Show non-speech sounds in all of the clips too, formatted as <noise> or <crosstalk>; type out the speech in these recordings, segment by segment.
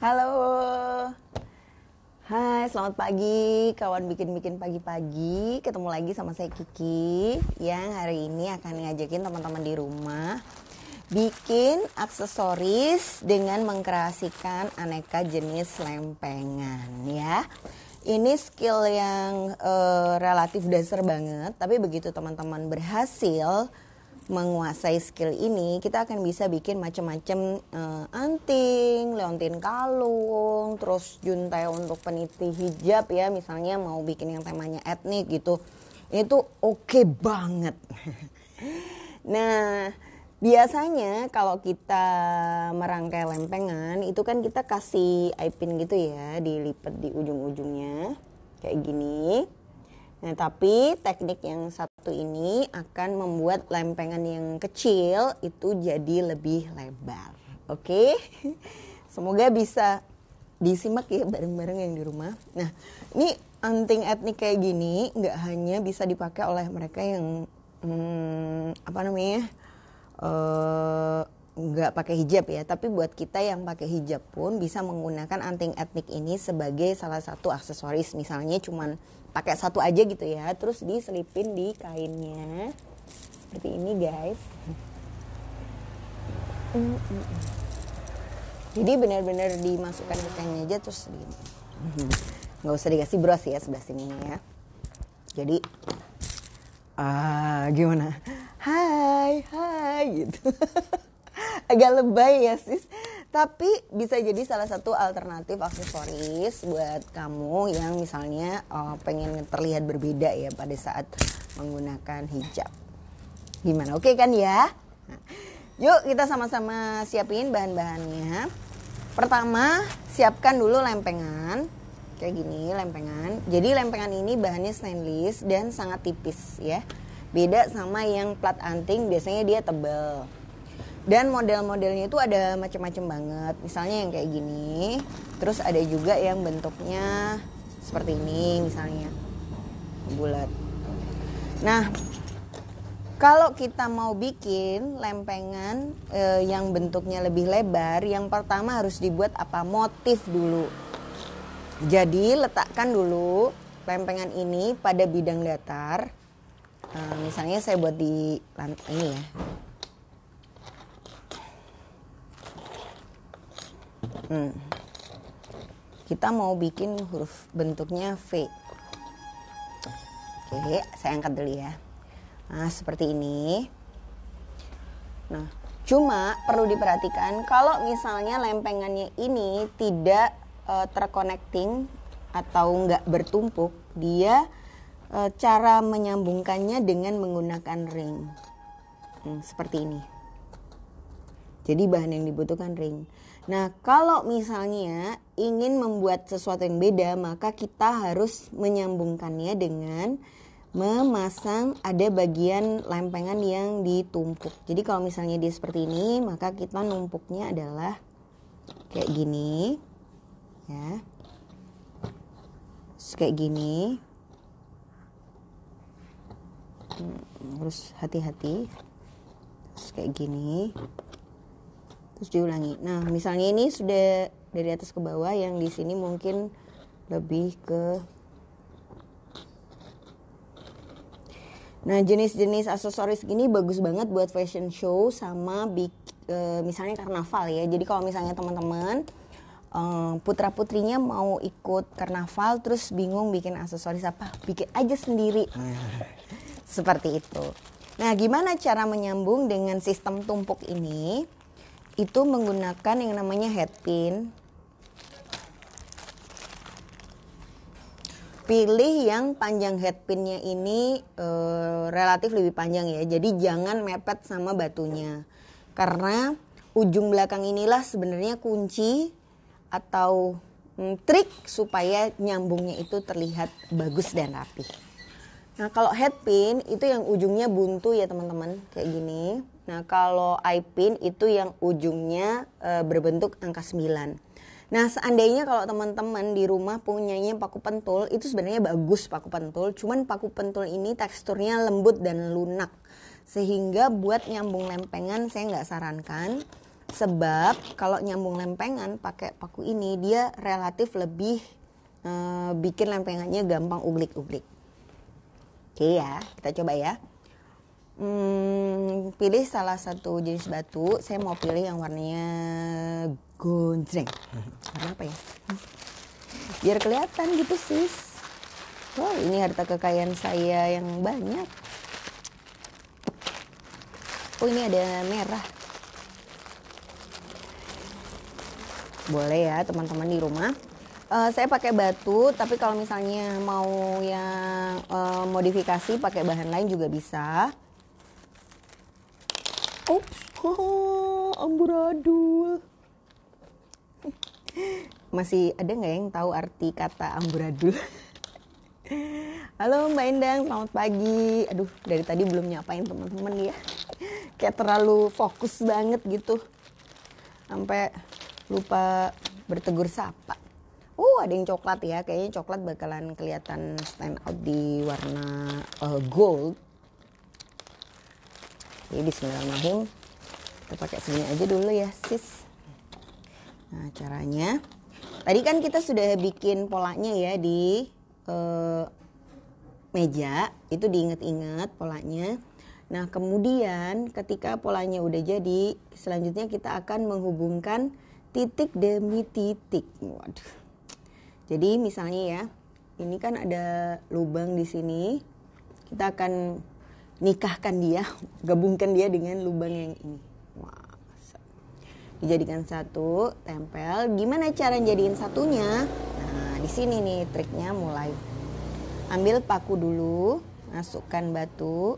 Halo. Hai, selamat pagi kawan bikin-bikin pagi-pagi. Ketemu lagi sama saya Kiki yang hari ini akan ngajakin teman-teman di rumah bikin aksesoris dengan mengkreasikan aneka jenis lempengan ya. Ini skill yang uh, relatif dasar banget, tapi begitu teman-teman berhasil menguasai skill ini, kita akan bisa bikin macam-macam uh, eh, anting, leontin kalung, terus juntai untuk peniti hijab ya, misalnya mau bikin yang temanya etnik gitu. Itu oke okay banget. <laughs> nah, biasanya kalau kita merangkai lempengan itu kan kita kasih eye gitu ya, dilipat di ujung-ujungnya kayak gini. Nah, tapi teknik yang satu ini akan membuat lempengan yang kecil itu jadi lebih lebar. Oke. Okay? <laughs> Semoga bisa disimak ya bareng-bareng yang di rumah. Nah, ini anting etnik kayak gini nggak hanya bisa dipakai oleh mereka yang hmm, apa namanya? uh, nggak pakai hijab ya, tapi buat kita yang pakai hijab pun bisa menggunakan anting etnik ini sebagai salah satu aksesoris. Misalnya cuman pakai satu aja gitu ya, terus diselipin di kainnya. Seperti ini guys. Jadi benar-benar dimasukkan ke kainnya aja terus di nggak usah dikasih bros ya sebelah sini ya. Jadi ah gimana? Hai, hai gitu. <laughs> agak lebay ya sis tapi bisa jadi salah satu alternatif aksesoris buat kamu yang misalnya uh, pengen terlihat berbeda ya pada saat menggunakan hijab gimana oke okay kan ya nah, yuk kita sama-sama siapin bahan-bahannya pertama siapkan dulu lempengan kayak gini lempengan jadi lempengan ini bahannya stainless dan sangat tipis ya beda sama yang plat anting biasanya dia tebel dan model-modelnya itu ada macam-macam banget misalnya yang kayak gini terus ada juga yang bentuknya seperti ini misalnya bulat nah kalau kita mau bikin lempengan e, yang bentuknya lebih lebar yang pertama harus dibuat apa motif dulu jadi letakkan dulu lempengan ini pada bidang datar e, misalnya saya buat di lantai ini ya hmm. kita mau bikin huruf bentuknya V oke saya angkat dulu ya nah seperti ini nah cuma perlu diperhatikan kalau misalnya lempengannya ini tidak uh, terconnecting atau nggak bertumpuk dia uh, cara menyambungkannya dengan menggunakan ring hmm, seperti ini jadi bahan yang dibutuhkan ring Nah, kalau misalnya ingin membuat sesuatu yang beda, maka kita harus menyambungkannya dengan memasang ada bagian lempengan yang ditumpuk. Jadi kalau misalnya dia seperti ini, maka kita numpuknya adalah kayak gini. Ya. Terus kayak gini. Hmm, terus hati-hati. kayak gini terus diulangi nah misalnya ini sudah dari atas ke bawah yang di sini mungkin lebih ke Nah, jenis-jenis aksesoris gini bagus banget buat fashion show sama big, e, misalnya karnaval ya. Jadi kalau misalnya teman-teman e, putra-putrinya mau ikut karnaval terus bingung bikin aksesoris apa, bikin aja sendiri. <laughs> Seperti itu. Nah, gimana cara menyambung dengan sistem tumpuk ini? itu menggunakan yang namanya head pin. Pilih yang panjang head pinnya ini e, relatif lebih panjang ya. Jadi jangan mepet sama batunya. Karena ujung belakang inilah sebenarnya kunci atau mm, trik supaya nyambungnya itu terlihat bagus dan rapi. Nah, kalau head pin itu yang ujungnya buntu ya, teman-teman, kayak gini. Nah, kalau iPin itu yang ujungnya e, berbentuk angka 9. Nah, seandainya kalau teman-teman di rumah punyanya paku pentul, itu sebenarnya bagus paku pentul, cuman paku pentul ini teksturnya lembut dan lunak. Sehingga buat nyambung lempengan saya nggak sarankan sebab kalau nyambung lempengan pakai paku ini dia relatif lebih e, bikin lempengannya gampang uglik-uglik. Oke ya, kita coba ya hmm, pilih salah satu jenis batu saya mau pilih yang warnanya gondreng warna apa ya hmm. biar kelihatan gitu sis wow ini harta kekayaan saya yang banyak oh ini ada merah boleh ya teman-teman di rumah uh, saya pakai batu tapi kalau misalnya mau yang uh, modifikasi pakai bahan lain juga bisa Ups, oh, <laughs> amburadul. Masih ada nggak yang tahu arti kata amburadul? Halo Mbak Endang, selamat pagi. Aduh, dari tadi belum nyapain teman-teman ya. Kayak terlalu fokus banget gitu. Sampai lupa bertegur sapa. Oh, ada yang coklat ya. Kayaknya coklat bakalan kelihatan stand out di warna uh, gold jadi bismillahirrahmanirrahim kita pakai segini aja dulu ya sis nah caranya tadi kan kita sudah bikin polanya ya di eh, meja itu diinget-inget polanya nah kemudian ketika polanya udah jadi selanjutnya kita akan menghubungkan titik demi titik waduh jadi misalnya ya ini kan ada lubang di sini kita akan nikahkan dia, gabungkan dia dengan lubang yang ini. Dijadikan satu, tempel. Gimana cara jadiin satunya? Nah, di sini nih triknya mulai. Ambil paku dulu, masukkan batu.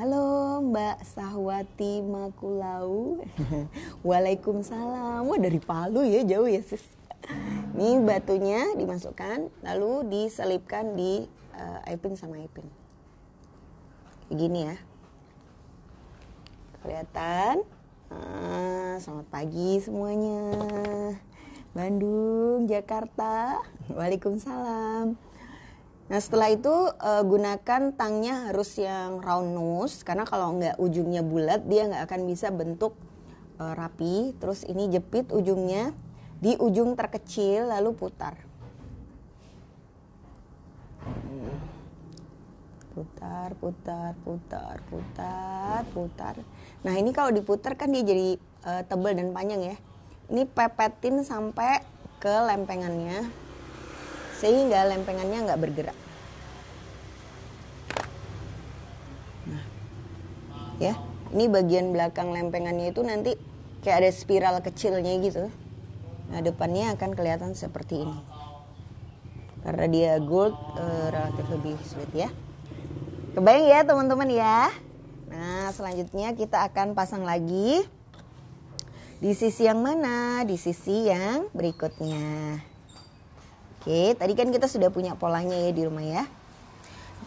Halo Mbak Sahwati Makulau <laughs> Waalaikumsalam Wah dari Palu ya jauh ya sis Ini batunya dimasukkan Lalu diselipkan di uh, eh, Iping sama Iping begini ya kelihatan ah, selamat pagi semuanya Bandung Jakarta Waalaikumsalam nah setelah itu uh, gunakan tangnya harus yang round nose karena kalau nggak ujungnya bulat dia nggak akan bisa bentuk uh, rapi terus ini jepit ujungnya di ujung terkecil lalu putar putar putar putar putar putar nah ini kalau diputar kan dia jadi uh, tebal dan panjang ya ini pepetin sampai ke lempengannya sehingga lempengannya nggak bergerak nah ya ini bagian belakang lempengannya itu nanti kayak ada spiral kecilnya gitu nah depannya akan kelihatan seperti ini karena dia gold uh, relatif lebih sulit ya Kebayang ya teman-teman ya. Nah, selanjutnya kita akan pasang lagi di sisi yang mana? Di sisi yang berikutnya. Oke, tadi kan kita sudah punya polanya ya di rumah ya.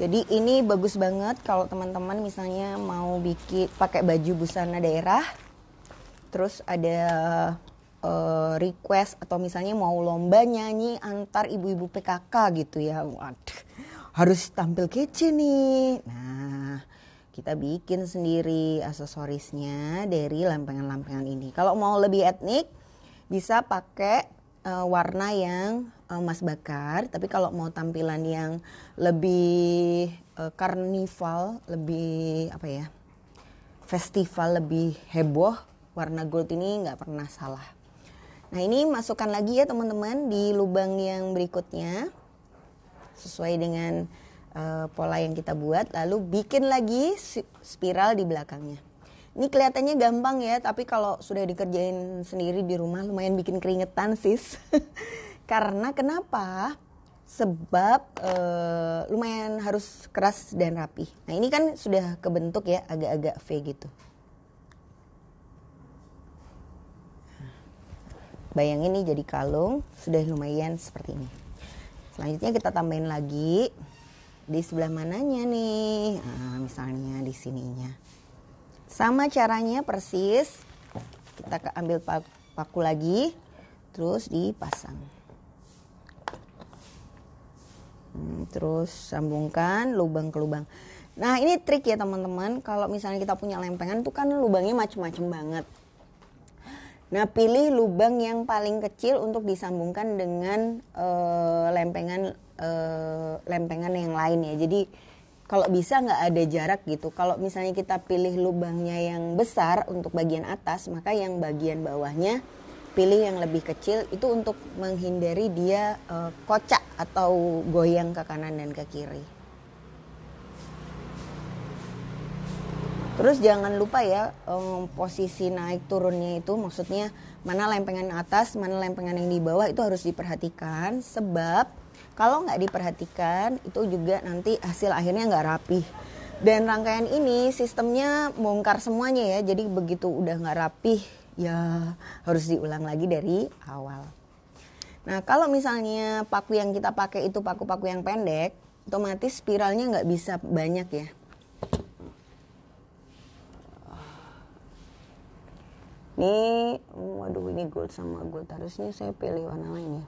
Jadi ini bagus banget kalau teman-teman misalnya mau bikin pakai baju busana daerah. Terus ada eh, request atau misalnya mau lomba nyanyi antar ibu-ibu PKK gitu ya. Waduh harus tampil kece nih. Nah, kita bikin sendiri aksesorisnya dari lampengan-lampengan ini. Kalau mau lebih etnik bisa pakai uh, warna yang uh, bakar, tapi kalau mau tampilan yang lebih uh, karnival, lebih apa ya? festival lebih heboh, warna gold ini nggak pernah salah. Nah, ini masukkan lagi ya teman-teman di lubang yang berikutnya sesuai dengan uh, pola yang kita buat lalu bikin lagi spiral di belakangnya. Ini kelihatannya gampang ya, tapi kalau sudah dikerjain sendiri di rumah lumayan bikin keringetan sis. <laughs> Karena kenapa? Sebab eh, lumayan harus keras dan rapi. Nah ini kan sudah kebentuk ya agak-agak V gitu. Bayangin ini jadi kalung sudah lumayan seperti ini selanjutnya kita tambahin lagi di sebelah mananya nih nah, misalnya di sininya sama caranya persis kita ambil paku lagi terus dipasang hmm, terus sambungkan lubang ke lubang nah ini trik ya teman-teman kalau misalnya kita punya lempengan tuh kan lubangnya macem-macem banget Nah, pilih lubang yang paling kecil untuk disambungkan dengan uh, lempengan uh, lempengan yang lain ya. Jadi kalau bisa nggak ada jarak gitu. Kalau misalnya kita pilih lubangnya yang besar untuk bagian atas, maka yang bagian bawahnya pilih yang lebih kecil itu untuk menghindari dia uh, kocak atau goyang ke kanan dan ke kiri. Terus jangan lupa ya um, posisi naik turunnya itu maksudnya mana lempengan atas, mana lempengan yang di bawah itu harus diperhatikan sebab kalau nggak diperhatikan itu juga nanti hasil akhirnya nggak rapih. Dan rangkaian ini sistemnya bongkar semuanya ya, jadi begitu udah nggak rapih ya harus diulang lagi dari awal. Nah kalau misalnya paku yang kita pakai itu paku-paku yang pendek, otomatis spiralnya nggak bisa banyak ya. ini waduh oh, ini gold sama gold harusnya saya pilih warna lain ya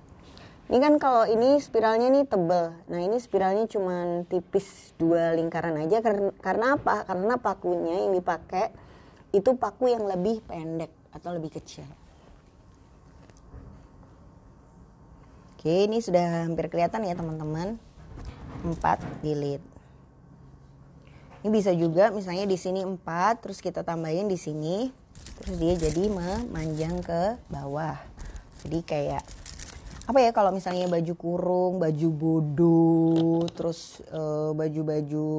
ini kan kalau ini spiralnya nih tebel nah ini spiralnya cuma tipis dua lingkaran aja karena, karena apa karena pakunya yang dipakai itu paku yang lebih pendek atau lebih kecil oke ini sudah hampir kelihatan ya teman-teman Empat delete ini bisa juga misalnya di sini 4 terus kita tambahin di sini terus dia jadi memanjang ke bawah jadi kayak apa ya kalau misalnya baju kurung baju bodoh terus eh, baju-baju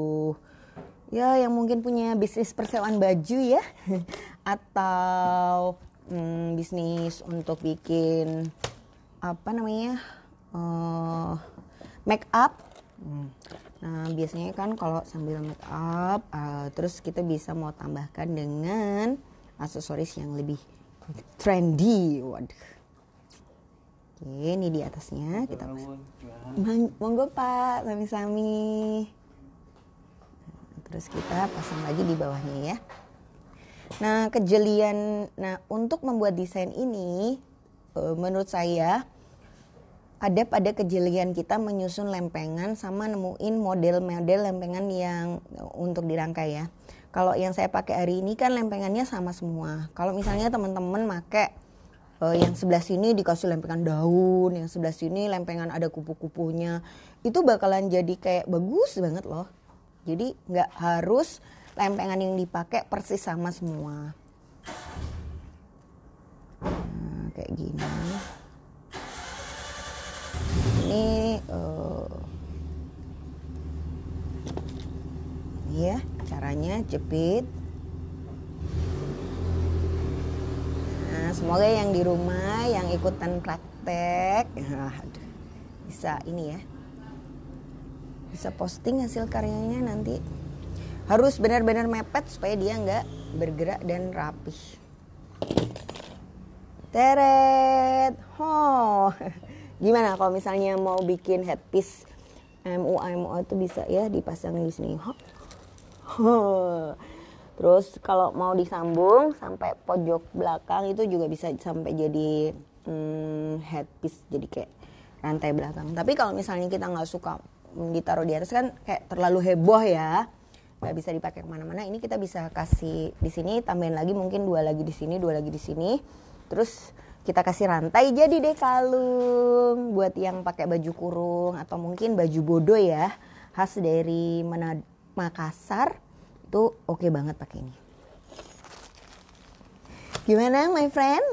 ya yang mungkin punya bisnis persewaan baju ya <laughs> atau hmm, bisnis untuk bikin apa namanya uh, make up hmm. nah biasanya kan kalau sambil make up uh, terus kita bisa mau tambahkan dengan aksesoris yang lebih trendy waduh oke ini di atasnya kita Mang, monggo pak sami-sami nah, terus kita pasang lagi di bawahnya ya nah kejelian nah untuk membuat desain ini eh, menurut saya ada pada kejelian kita menyusun lempengan sama nemuin model-model lempengan yang untuk dirangkai ya. Kalau yang saya pakai hari ini kan lempengannya sama semua. Kalau misalnya teman-teman pakai uh, eh, yang sebelah sini dikasih lempengan daun, yang sebelah sini lempengan ada kupu-kupunya, itu bakalan jadi kayak bagus banget loh. Jadi nggak harus lempengan yang dipakai persis sama semua. Nah, kayak gini. Ini uh, eh, ya. Yeah caranya jepit nah semoga yang di rumah yang ikutan praktek ah, bisa ini ya bisa posting hasil karyanya nanti harus benar-benar mepet supaya dia nggak bergerak dan rapih teret ho <laughs> gimana kalau misalnya mau bikin headpiece MU MU itu bisa ya dipasang di sini hop <laughs> Terus kalau mau disambung sampai pojok belakang itu juga bisa sampai jadi hmm, headpiece jadi kayak rantai belakang. Tapi kalau misalnya kita nggak suka ditaruh di atas kan kayak terlalu heboh ya nggak bisa dipakai kemana-mana ini kita bisa kasih di sini tambahin lagi mungkin dua lagi di sini dua lagi di sini terus kita kasih rantai jadi deh kalung buat yang pakai baju kurung atau mungkin baju bodoh ya khas dari Manado, Makassar itu oke okay banget pakai ini. Gimana my friend?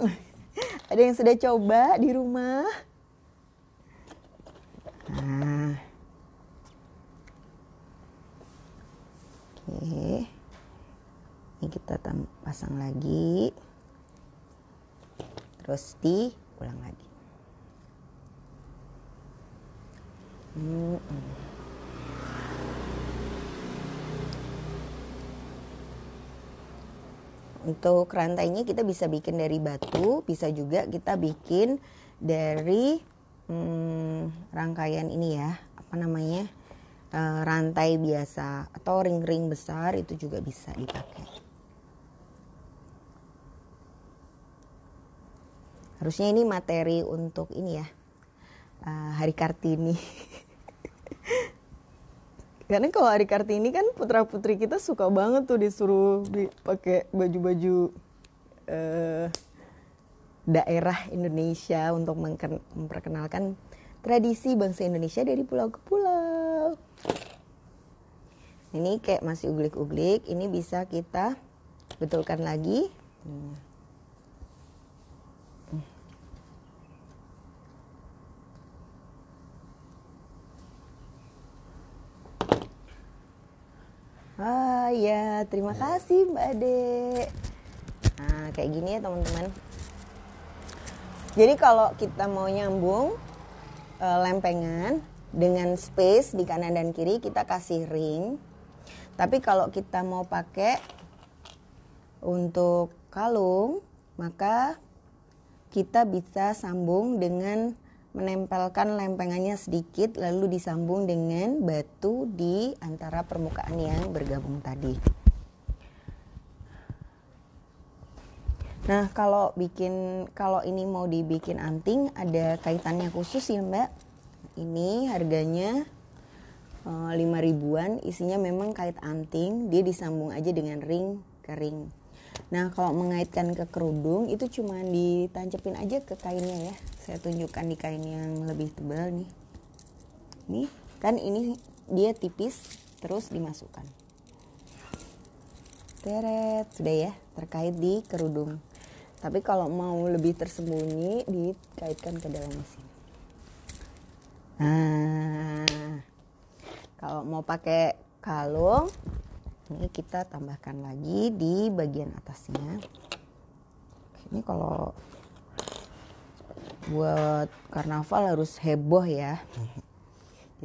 <laughs> Ada yang sudah coba di rumah? Nah. Oke. Okay. Ini kita pasang lagi. Terus di ulang lagi. Mm Untuk rantainya kita bisa bikin dari batu, bisa juga kita bikin dari hmm, rangkaian ini ya, apa namanya? Uh, rantai biasa atau ring-ring besar itu juga bisa dipakai. Harusnya ini materi untuk ini ya. Uh, hari Kartini. <laughs> karena kalau hari kartini kan putra putri kita suka banget tuh disuruh pakai baju baju uh, eh, daerah Indonesia untuk memperkenalkan tradisi bangsa Indonesia dari pulau ke pulau. Ini kayak masih uglik-uglik, ini bisa kita betulkan lagi. Hmm. ah ya terima iya. kasih mbak Ade nah kayak gini ya teman-teman jadi kalau kita mau nyambung e, lempengan dengan space di kanan dan kiri kita kasih ring tapi kalau kita mau pakai untuk kalung maka kita bisa sambung dengan menempelkan lempengannya sedikit lalu disambung dengan batu di antara permukaan yang bergabung tadi. Nah, kalau bikin kalau ini mau dibikin anting ada kaitannya khusus ya, Mbak. Ini harganya e, eh, 5 ribuan, isinya memang kait anting, dia disambung aja dengan ring ke ring. Nah, kalau mengaitkan ke kerudung itu cuma ditancepin aja ke kainnya ya. Saya tunjukkan di kain yang lebih tebal nih. Nih, kan ini dia tipis terus dimasukkan. Teret, sudah ya, terkait di kerudung. Tapi kalau mau lebih tersembunyi dikaitkan ke dalam mesin. Nah, kalau mau pakai kalung ini kita tambahkan lagi di bagian atasnya ini kalau buat karnaval harus heboh ya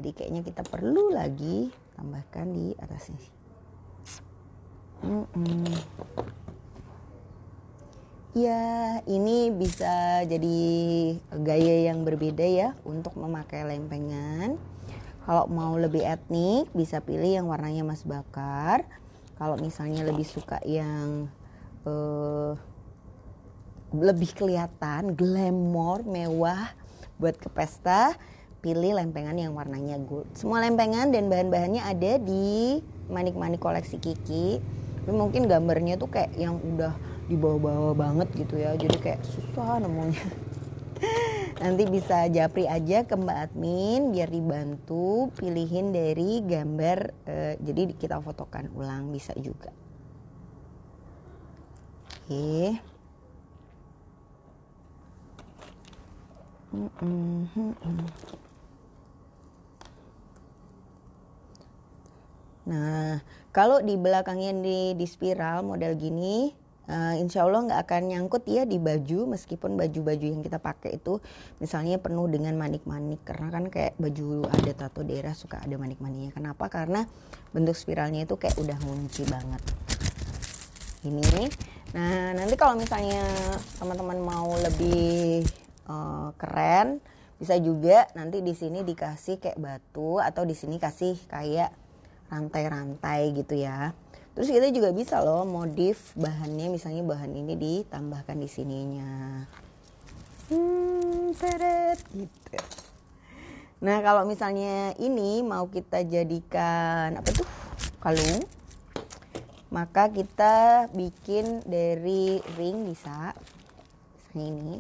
jadi kayaknya kita perlu lagi tambahkan di atasnya mm Ya, ini bisa jadi gaya yang berbeda ya untuk memakai lempengan. Kalau mau lebih etnik bisa pilih yang warnanya mas bakar. Kalau misalnya lebih suka yang uh, lebih kelihatan glamor, mewah buat ke pesta, pilih lempengan yang warnanya gold. Semua lempengan dan bahan-bahannya ada di manik-manik koleksi Kiki. Tapi mungkin gambarnya tuh kayak yang udah dibawa-bawa banget gitu ya. Jadi kayak susah nemunya. <laughs> Nanti bisa japri aja ke Mbak Admin biar dibantu pilihin dari gambar uh, jadi kita fotokan ulang bisa juga. Oke. Okay. nah, kalau di belakangnya di, di spiral model gini, uh, insya Allah nggak akan nyangkut ya di baju meskipun baju-baju yang kita pakai itu misalnya penuh dengan manik-manik karena kan kayak baju ada tato daerah suka ada manik-maniknya kenapa karena bentuk spiralnya itu kayak udah ngunci banget ini nah nanti kalau misalnya teman-teman mau lebih uh, keren bisa juga nanti di sini dikasih kayak batu atau di sini kasih kayak rantai-rantai gitu ya Terus kita juga bisa loh modif bahannya, misalnya bahan ini ditambahkan di sininya. Hmm, seret gitu. Nah, kalau misalnya ini mau kita jadikan apa tuh? Kalung. Maka kita bikin dari ring bisa. Misalnya ini.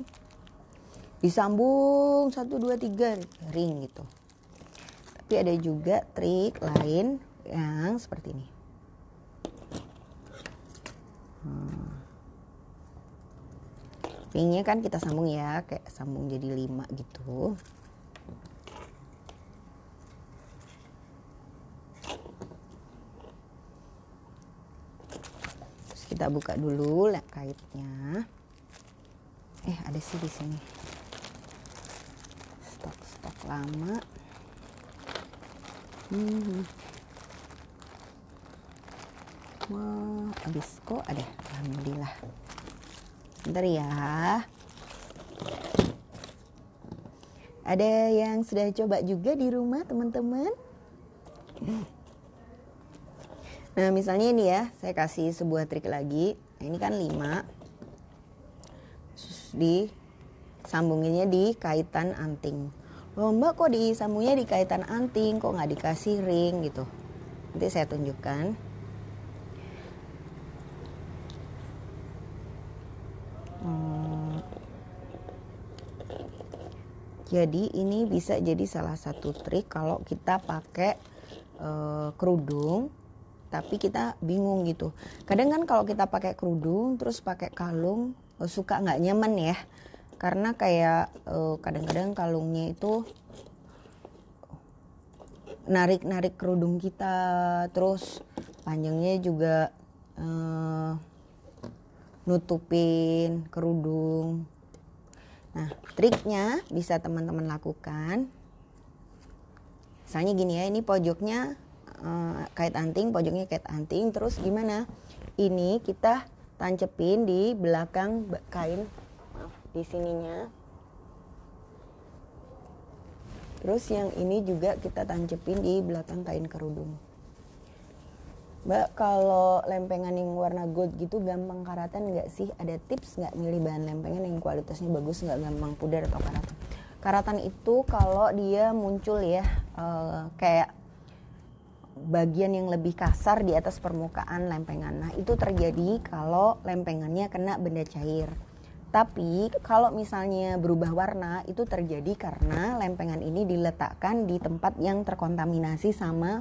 Disambung satu dua tiga ring gitu. Tapi ada juga trik lain yang seperti ini hmm. v kan kita sambung ya, kayak sambung jadi lima gitu. Terus kita buka dulu lah kaitnya. Eh, ada sih di sini. Stok-stok lama. Hmm. Wah, habis kok ada. Alhamdulillah. Bentar ya. Ada yang sudah coba juga di rumah teman-teman? Nah, misalnya ini ya, saya kasih sebuah trik lagi. Nah, ini kan 5. Di sambunginnya di kaitan anting. Lomba kok disambungnya di kaitan anting, kok nggak dikasih ring gitu. Nanti saya tunjukkan. Jadi ini bisa jadi salah satu trik kalau kita pakai uh, kerudung tapi kita bingung gitu. Kadang kan kalau kita pakai kerudung terus pakai kalung uh, suka nggak nyaman ya. Karena kayak kadang eh, kadang-kadang kalungnya itu narik-narik kerudung kita terus panjangnya juga uh, nutupin kerudung Nah, triknya bisa teman-teman lakukan. Misalnya gini ya, ini pojoknya eh, kait anting, pojoknya kait anting. Terus gimana? Ini kita tancepin di belakang kain, maaf, di sininya. Terus yang ini juga kita tancepin di belakang kain kerudung. Mbak, kalau lempengan yang warna gold gitu gampang karatan nggak sih? Ada tips nggak milih bahan lempengan yang kualitasnya bagus nggak gampang pudar atau karatan? Karatan itu kalau dia muncul ya uh, kayak bagian yang lebih kasar di atas permukaan lempengan. Nah itu terjadi kalau lempengannya kena benda cair. Tapi kalau misalnya berubah warna itu terjadi karena lempengan ini diletakkan di tempat yang terkontaminasi sama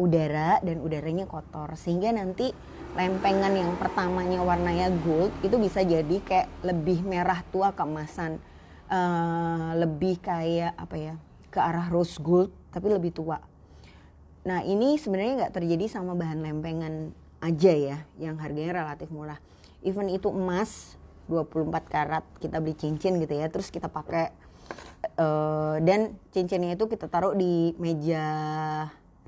udara dan udaranya kotor sehingga nanti lempengan yang pertamanya warnanya gold itu bisa jadi kayak lebih merah tua keemasan uh, lebih kayak apa ya ke arah rose gold tapi lebih tua nah ini sebenarnya nggak terjadi sama bahan lempengan aja ya yang harganya relatif murah even itu emas 24 karat kita beli cincin gitu ya terus kita pakai uh, dan cincinnya itu kita taruh di meja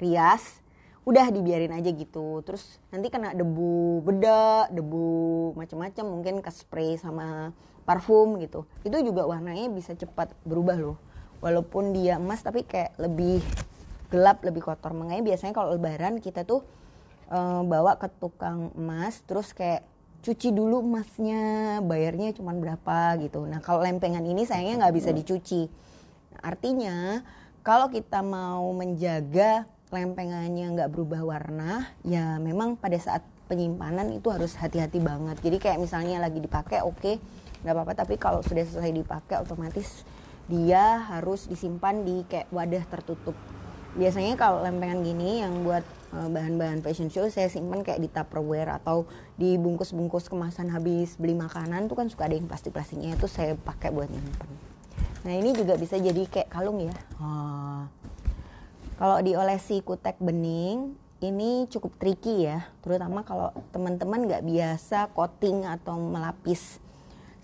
rias udah dibiarin aja gitu terus nanti kena debu beda debu macam-macam mungkin ke spray sama parfum gitu itu juga warnanya bisa cepat berubah loh walaupun dia emas tapi kayak lebih gelap lebih kotor makanya biasanya kalau lebaran kita tuh e, bawa ke tukang emas terus kayak cuci dulu emasnya bayarnya cuma berapa gitu nah kalau lempengan ini sayangnya nggak bisa dicuci nah, artinya kalau kita mau menjaga lempengannya nggak berubah warna ya memang pada saat penyimpanan itu harus hati-hati banget jadi kayak misalnya lagi dipakai oke okay, nggak apa-apa tapi kalau sudah selesai dipakai otomatis dia harus disimpan di kayak wadah tertutup biasanya kalau lempengan gini yang buat eh, bahan-bahan fashion show saya simpan kayak di tupperware atau di bungkus-bungkus kemasan habis beli makanan tuh kan suka ada yang plastik-plastiknya itu saya pakai buat nyimpan. nah ini juga bisa jadi kayak kalung ya oh, kalau diolesi kutek bening, ini cukup tricky ya, terutama kalau teman-teman nggak biasa coating atau melapis.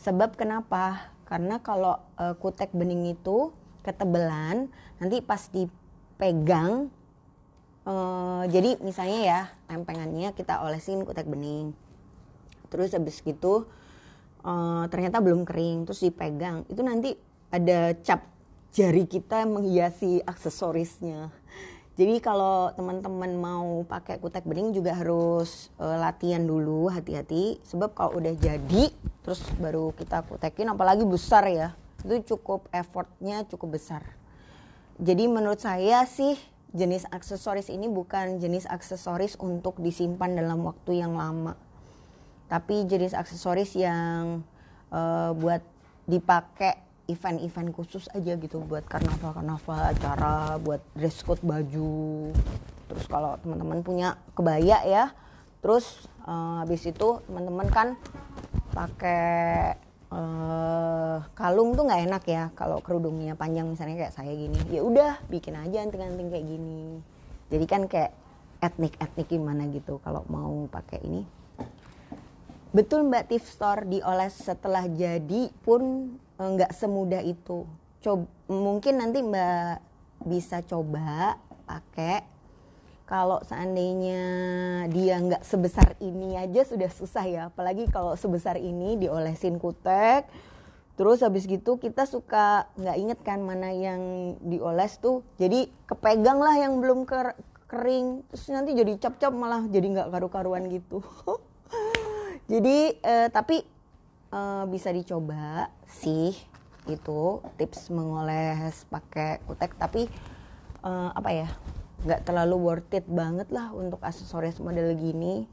Sebab kenapa? Karena kalau e, kutek bening itu ketebelan, nanti pas dipegang, e, jadi misalnya ya tempengannya kita olesin kutek bening, terus habis gitu e, ternyata belum kering, terus dipegang, itu nanti ada cap jari kita menghiasi aksesorisnya jadi kalau teman-teman mau pakai kutek bening juga harus uh, latihan dulu hati-hati sebab kalau udah jadi terus baru kita kutekin apalagi besar ya. Itu cukup effortnya cukup besar. Jadi menurut saya sih jenis aksesoris ini bukan jenis aksesoris untuk disimpan dalam waktu yang lama. Tapi jenis aksesoris yang uh, buat dipakai event-event khusus aja gitu buat karnaval-karnaval acara buat dress code baju terus kalau teman-teman punya kebaya ya terus uh, habis itu teman-teman kan pakai uh, kalung tuh nggak enak ya kalau kerudungnya panjang misalnya kayak saya gini ya udah bikin aja anting-anting kayak gini jadi kan kayak etnik-etnik gimana gitu kalau mau pakai ini Betul Mbak Tiff Store dioles setelah jadi pun Eh, nggak semudah itu coba mungkin nanti mbak bisa coba pakai kalau seandainya dia nggak sebesar ini aja sudah susah ya apalagi kalau sebesar ini diolesin kutek terus habis gitu kita suka nggak inget kan mana yang dioles tuh jadi kepegang lah yang belum ker kering terus nanti jadi cap-cap malah jadi nggak karu-karuan gitu <laughs> jadi eh, tapi uh, bisa dicoba sih itu tips mengoles pakai kutek tapi uh, apa ya nggak terlalu worth it banget lah untuk aksesoris model gini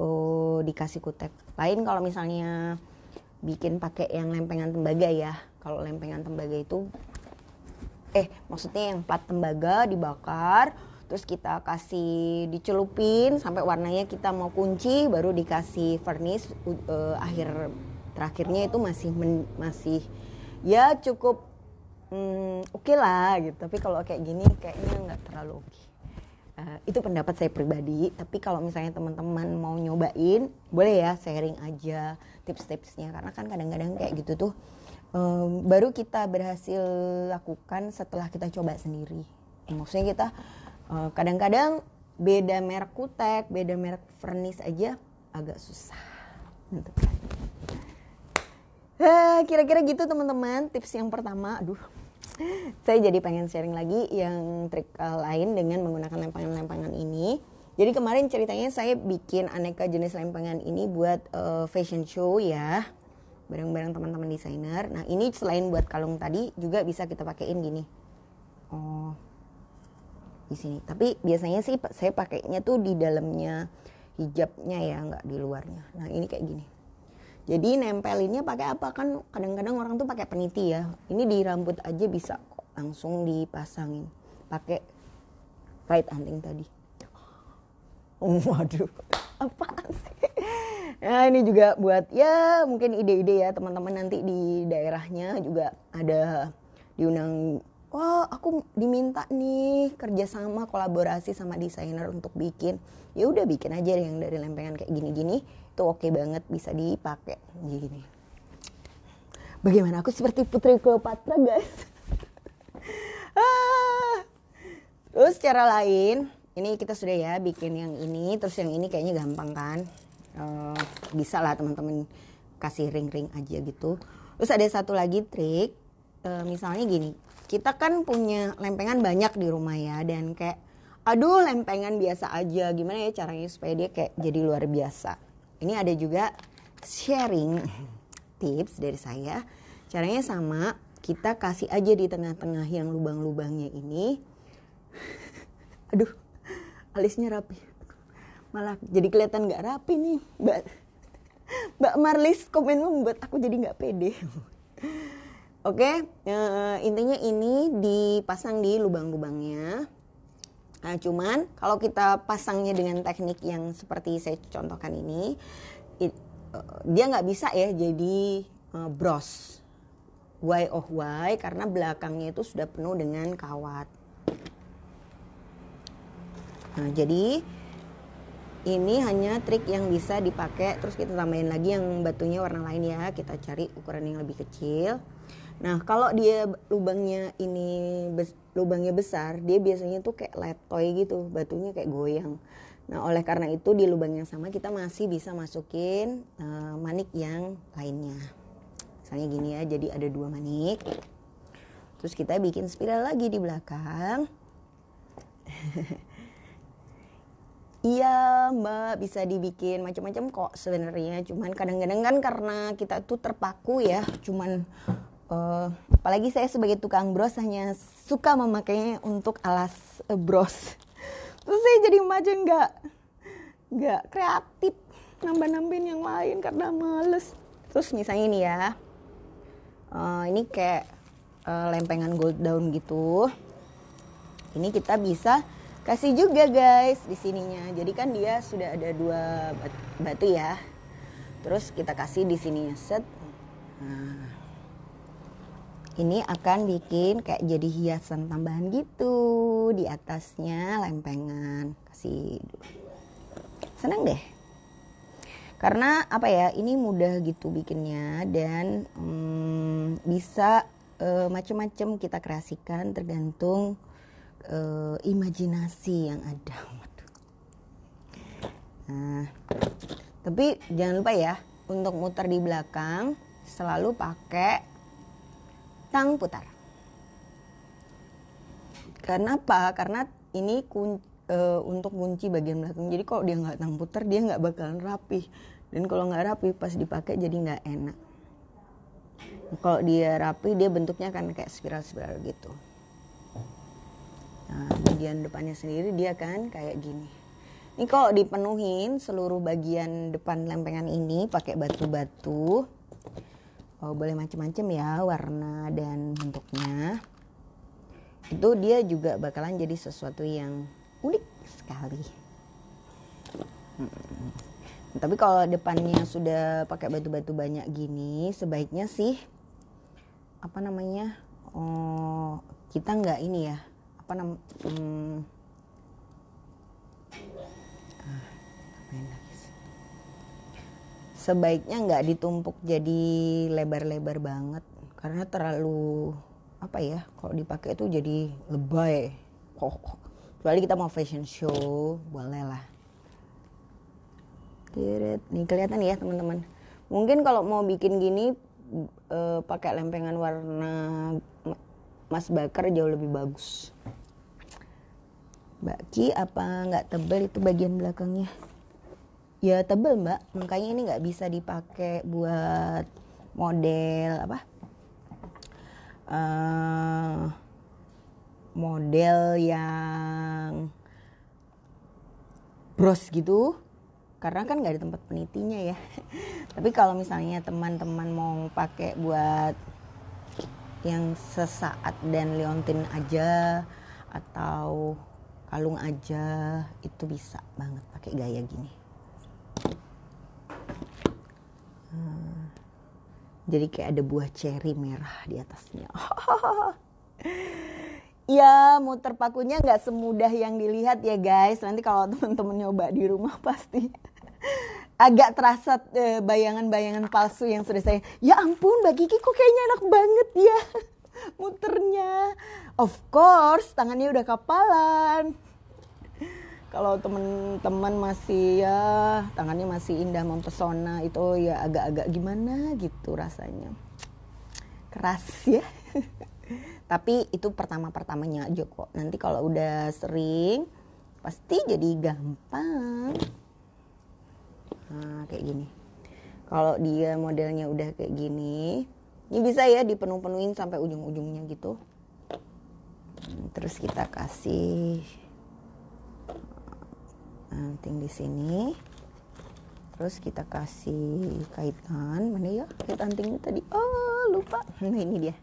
uh, dikasih kutek lain kalau misalnya bikin pakai yang lempengan tembaga ya kalau lempengan tembaga itu eh maksudnya yang plat tembaga dibakar terus kita kasih dicelupin sampai warnanya kita mau kunci baru dikasih vernis uh, akhir terakhirnya itu masih men, masih ya cukup hmm, oke okay lah gitu tapi kalau kayak gini kayaknya nggak terlalu oke okay. uh, eh, itu pendapat saya pribadi tapi kalau misalnya teman-teman mau nyobain boleh ya sharing aja tips-tipsnya karena kan kadang-kadang kayak gitu tuh um, baru kita berhasil lakukan setelah kita coba sendiri maksudnya kita kadang eh, kadang-kadang beda merek kutek beda merek vernis aja agak susah untuk gitu kan. Eh, kira-kira gitu teman-teman tips yang pertama aduh saya jadi pengen sharing lagi yang trik uh, lain dengan menggunakan lempengan-lempengan ini jadi kemarin ceritanya saya bikin aneka jenis lempengan ini buat uh, fashion show ya bareng-bareng teman-teman desainer nah ini selain buat kalung tadi juga bisa kita pakaiin gini oh di sini tapi biasanya sih saya pakainya tuh di dalamnya hijabnya ya nggak di luarnya nah ini kayak gini jadi nempelinnya pakai apa kan kadang-kadang orang tuh pakai peniti ya. Ini di rambut aja bisa kok langsung dipasangin pakai kait anting tadi. Oh, <laughs> waduh, apa sih? Nah ini juga buat ya mungkin ide-ide ya teman-teman nanti di daerahnya juga ada diundang. Wah aku diminta nih kerjasama kolaborasi sama desainer untuk bikin. Ya udah bikin aja yang dari lempengan kayak gini-gini itu oke okay banget bisa dipakai gini bagaimana aku seperti putri Cleopatra guys <laughs> ah. terus cara lain ini kita sudah ya bikin yang ini terus yang ini kayaknya gampang kan uh, bisa lah teman-teman kasih ring-ring aja gitu terus ada satu lagi trik uh, misalnya gini kita kan punya lempengan banyak di rumah ya dan kayak aduh lempengan biasa aja gimana ya caranya supaya dia kayak jadi luar biasa ini ada juga sharing <laughs> tips dari saya. Caranya sama, kita kasih aja di tengah-tengah yang lubang-lubangnya ini. <laughs> Aduh, alisnya rapi. Malah jadi kelihatan nggak rapi nih, Mbak. <laughs> Mbak Marlis komen membuat aku jadi nggak pede. Oke, okay, eh, intinya ini dipasang di lubang-lubangnya. Nah, cuman kalau kita pasangnya dengan teknik yang seperti saya contohkan ini, it, uh, dia nggak bisa ya jadi uh, bros. Why oh why? Karena belakangnya itu sudah penuh dengan kawat. Nah, jadi ini hanya trik yang bisa dipakai. Terus kita tambahin lagi yang batunya warna lain ya. Kita cari ukuran yang lebih kecil. Nah, kalau dia lubangnya ini bes, lubangnya besar, dia biasanya tuh kayak letoy gitu, batunya kayak goyang. Nah, oleh karena itu di lubang yang sama kita masih bisa masukin uh, manik yang lainnya. Misalnya gini ya, jadi ada dua manik. Terus kita bikin spiral lagi di belakang. <laughs> Iya mbak bisa dibikin macam-macam kok sebenarnya cuman kadang-kadang kan karena kita tuh terpaku ya cuman uh, apalagi saya sebagai tukang bros hanya suka memakainya untuk alas uh, bros terus saya jadi maju nggak nggak kreatif nambah nambahin yang lain karena males terus misalnya ini ya uh, ini kayak uh, lempengan gold daun gitu ini kita bisa kasih juga guys di sininya jadi kan dia sudah ada dua batu ya terus kita kasih di sininya set nah, ini akan bikin kayak jadi hiasan tambahan gitu di atasnya lempengan kasih seneng deh karena apa ya ini mudah gitu bikinnya dan hmm, bisa e, eh, macam-macam kita kreasikan tergantung e, imajinasi yang ada nah tapi jangan lupa ya untuk muter di belakang selalu pakai tang putar. Karena apa? Karena ini kun, e, untuk kunci bagian belakang. Jadi kalau dia nggak tang putar, dia nggak bakalan rapih. Dan kalau nggak rapi, pas dipakai jadi nggak enak. Kalau dia rapi, dia bentuknya akan kayak spiral-spiral gitu. Nah, bagian depannya sendiri dia kan kayak gini. Ini kalau dipenuhin seluruh bagian depan lempengan ini pakai batu-batu oh, boleh macem-macem ya warna dan bentuknya itu dia juga bakalan jadi sesuatu yang unik sekali hmm. tapi kalau depannya sudah pakai batu-batu banyak gini sebaiknya sih apa namanya oh kita nggak ini ya apa namanya hmm, sebaiknya nggak ditumpuk jadi lebar-lebar banget karena terlalu apa ya kalau dipakai itu jadi lebay oh, kecuali kita mau fashion show boleh lah nih kelihatan ya teman-teman mungkin kalau mau bikin gini e, pakai lempengan warna mas bakar jauh lebih bagus Mbak Ki apa nggak tebal itu bagian belakangnya ya tebel mbak makanya ini nggak bisa dipakai buat model apa uh, model yang bros gitu karena kan nggak ada tempat penitinya ya <laughs> tapi kalau misalnya teman-teman mau pakai buat yang sesaat dan liontin aja atau kalung aja itu bisa banget pakai gaya gini Jadi kayak ada buah ceri merah di atasnya. <laughs> ya muter pakunya nggak semudah yang dilihat ya guys. Nanti kalau teman-teman nyoba di rumah <laughs> pasti agak terasa eh, bayangan-bayangan palsu yang sudah saya. Ya ampun, bagi Kiki kok kayaknya enak banget ya <laughs> muternya. Of course, tangannya udah kapalan kalau teman-teman masih ya tangannya masih indah mempesona itu ya agak-agak gimana gitu rasanya keras ya <laughs> tapi itu pertama pertamanya aja kok nanti kalau udah sering pasti jadi gampang nah kayak gini kalau dia modelnya udah kayak gini ini bisa ya dipenuh-penuhin sampai ujung-ujungnya gitu hmm, terus kita kasih anting nah, di sini terus kita kasih kaitan mana ya kait antingnya tadi oh lupa <laughs> nah ini dia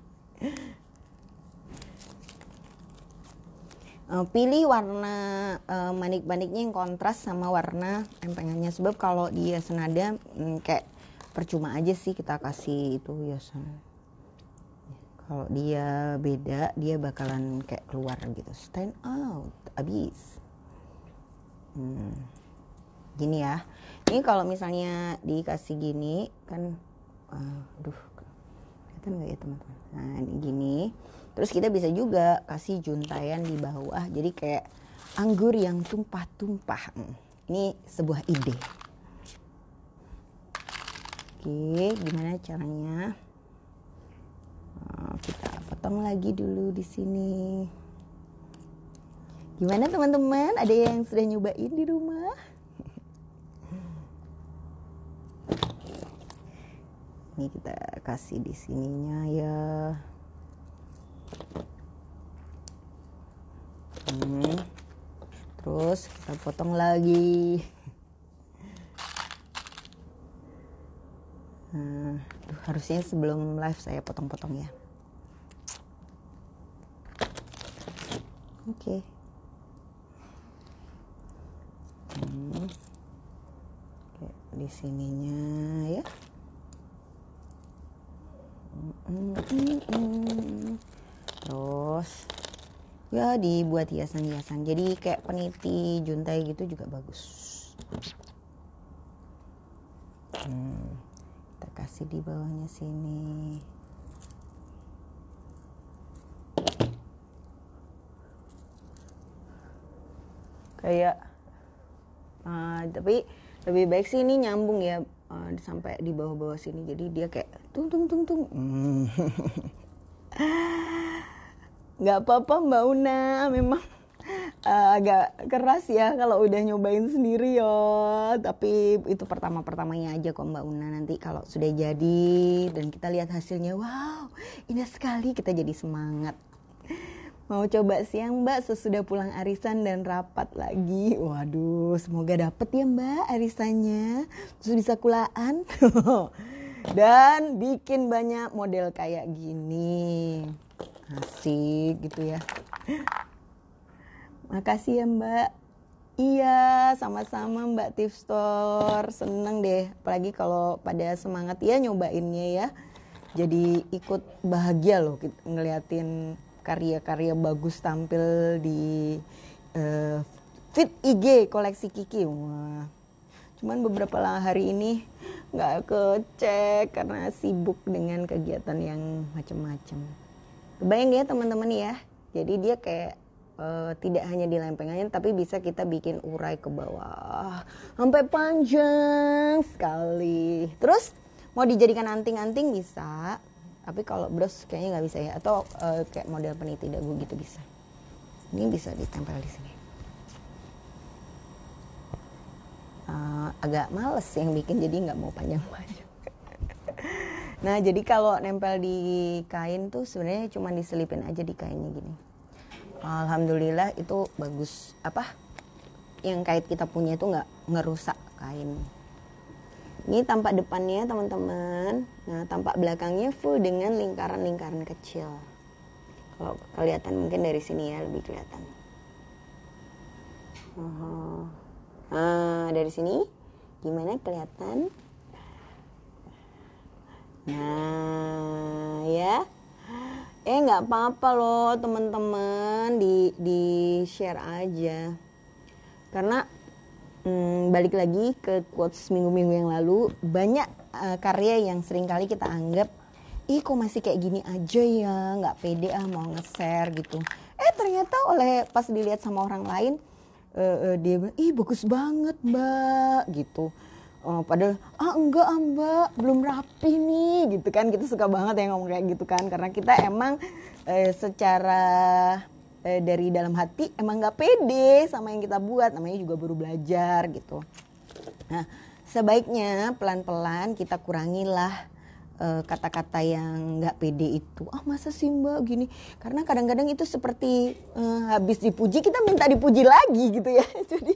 eh, pilih warna eh, manik-maniknya yang kontras sama warna empengannya sebab kalau dia senada hmm, kayak percuma aja sih kita kasih itu hiasan ya, kalau dia beda dia bakalan kayak keluar gitu stand out abis hmm, gini ya ini kalau misalnya dikasih gini kan uh, aduh kelihatan nggak ya teman-teman nah ini gini terus kita bisa juga kasih juntayan di bawah jadi kayak anggur yang tumpah-tumpah hmm. ini sebuah ide oke gimana caranya eh, kita potong lagi dulu di sini Gimana teman-teman? Ada yang sudah nyobain di rumah? Ini kita kasih di sininya ya. Hmm. Terus kita potong lagi. Nah, harusnya sebelum live saya potong-potong ya. Oke. Okay. sininya ya terus ya dibuat hiasan-hiasan jadi kayak peniti juntai gitu juga bagus hmm, kita kasih di bawahnya sini kayak uh, tapi lebih baik sih ini nyambung ya uh, sampai di bawah-bawah sini jadi dia kayak tung tung tung tung hmm. <laughs> nggak mm. apa-apa mbak Una memang uh, agak keras ya kalau udah nyobain sendiri yo tapi itu pertama pertamanya aja kok mbak Una nanti kalau sudah jadi dan kita lihat hasilnya wow indah sekali kita jadi semangat Mau coba siang mbak sesudah pulang arisan dan rapat lagi. Waduh, semoga dapet ya mbak arisannya. Terus bisa kulaan. dan bikin banyak model kayak gini. Asik gitu ya. Makasih ya mbak. Iya, sama-sama Mbak Tiff Store. Seneng deh, apalagi kalau pada semangat ya nyobainnya ya. Jadi ikut bahagia loh ngeliatin karya-karya bagus tampil di uh, eh, fit IG koleksi Kiki. Wah. Cuman beberapa hari ini nggak kecek karena sibuk dengan kegiatan yang macam-macam. Kebayang ya teman-teman ya. Jadi dia kayak eh, tidak hanya di lempengannya tapi bisa kita bikin urai ke bawah sampai panjang sekali. Terus mau dijadikan anting-anting bisa, tapi kalau bros kayaknya nggak bisa ya atau uh, kayak model peniti dagu gitu bisa ini bisa ditempel di sini uh, agak males yang bikin jadi nggak mau panjang-panjang <laughs> nah jadi kalau nempel di kain tuh sebenarnya cuma diselipin aja di kainnya gini alhamdulillah itu bagus apa yang kait kita punya itu nggak ngerusak kain ini tampak depannya teman-teman. Nah, tampak belakangnya full dengan lingkaran-lingkaran kecil. Kalau kelihatan mungkin dari sini ya lebih kelihatan. uh-huh. Nah, dari sini gimana kelihatan? Nah, ya. Eh, nggak apa-apa loh teman-teman di di share aja. Karena hmm, balik lagi ke quotes minggu-minggu yang lalu banyak uh, karya yang sering kali kita anggap ih kok masih kayak gini aja ya nggak pede ah mau nge-share gitu eh ternyata oleh pas dilihat sama orang lain uh, uh, dia bilang ih bagus banget mbak gitu uh, padahal ah enggak ah, mbak belum rapi nih gitu kan kita suka banget ya ngomong kayak gitu kan karena kita emang uh, secara eh, dari dalam hati emang nggak pede sama yang kita buat namanya juga baru belajar gitu nah sebaiknya pelan-pelan kita kurangilah eh, kata-kata yang nggak pede itu ah oh, masa sih mbak gini karena kadang-kadang itu seperti uh, habis dipuji kita minta dipuji lagi gitu ya <laughs> jadi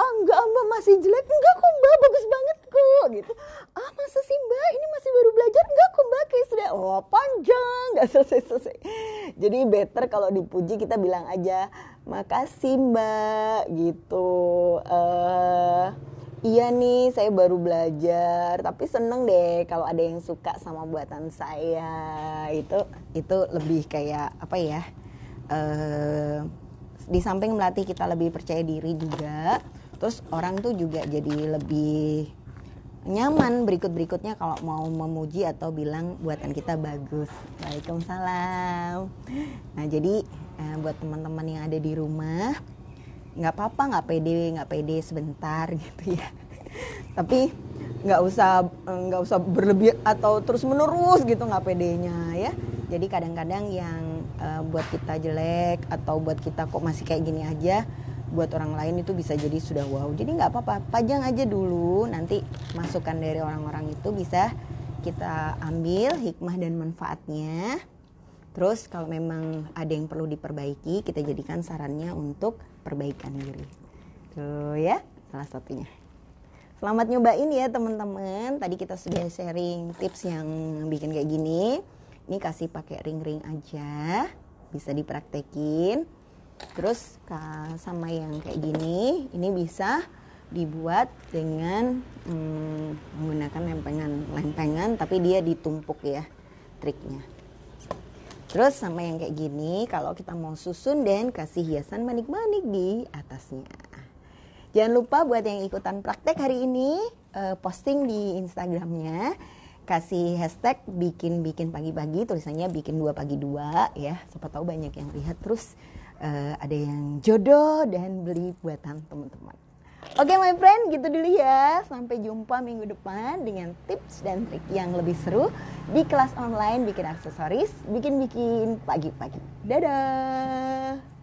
ah enggak mbak masih jelek enggak kok mbak bagus banget kok gitu ah masa sih mbak ini masih baru belajar enggak kok mbak kayak sudah oh panjang nggak selesai selesai jadi better kalau dipuji kita bilang aja makasih mbak gitu uh, iya nih saya baru belajar tapi seneng deh kalau ada yang suka sama buatan saya itu itu lebih kayak apa ya uh, di samping melatih kita lebih percaya diri juga terus orang tuh juga jadi lebih nyaman berikut-berikutnya kalau mau memuji atau bilang buatan kita bagus. Waalaikumsalam. Nah jadi eh, buat teman-teman yang ada di rumah nggak apa-apa nggak pede nggak pede sebentar <laughs> gitu ya. Tapi nggak usah eh, nggak usah berlebih atau terus menerus gitu nggak pedenya ya. Jadi kadang-kadang yang eh, buat kita jelek atau buat kita kok masih kayak gini aja buat orang lain itu bisa jadi sudah wow jadi nggak apa-apa pajang aja dulu nanti masukan dari orang-orang itu bisa kita ambil hikmah dan manfaatnya terus kalau memang ada yang perlu diperbaiki kita jadikan sarannya untuk perbaikan diri tuh ya salah satunya selamat nyobain ya teman-teman tadi kita sudah sharing tips yang bikin kayak gini ini kasih pakai ring-ring aja bisa dipraktekin Terus sama yang kayak gini, ini bisa dibuat dengan hmm, menggunakan lempengan-lempengan tapi dia ditumpuk ya triknya. Terus sama yang kayak gini, kalau kita mau susun dan kasih hiasan manik-manik di atasnya. Jangan lupa buat yang ikutan praktek hari ini, uh, posting di Instagramnya, kasih hashtag bikin-bikin pagi-pagi, tulisannya bikin dua pagi dua ya. Siapa tahu banyak yang lihat terus uh, ada yang jodoh dan beli buatan teman-teman. Oke okay, my friend, gitu dulu ya. Sampai jumpa minggu depan dengan tips dan trik yang lebih seru di kelas online bikin aksesoris, bikin-bikin pagi-pagi. Dadah.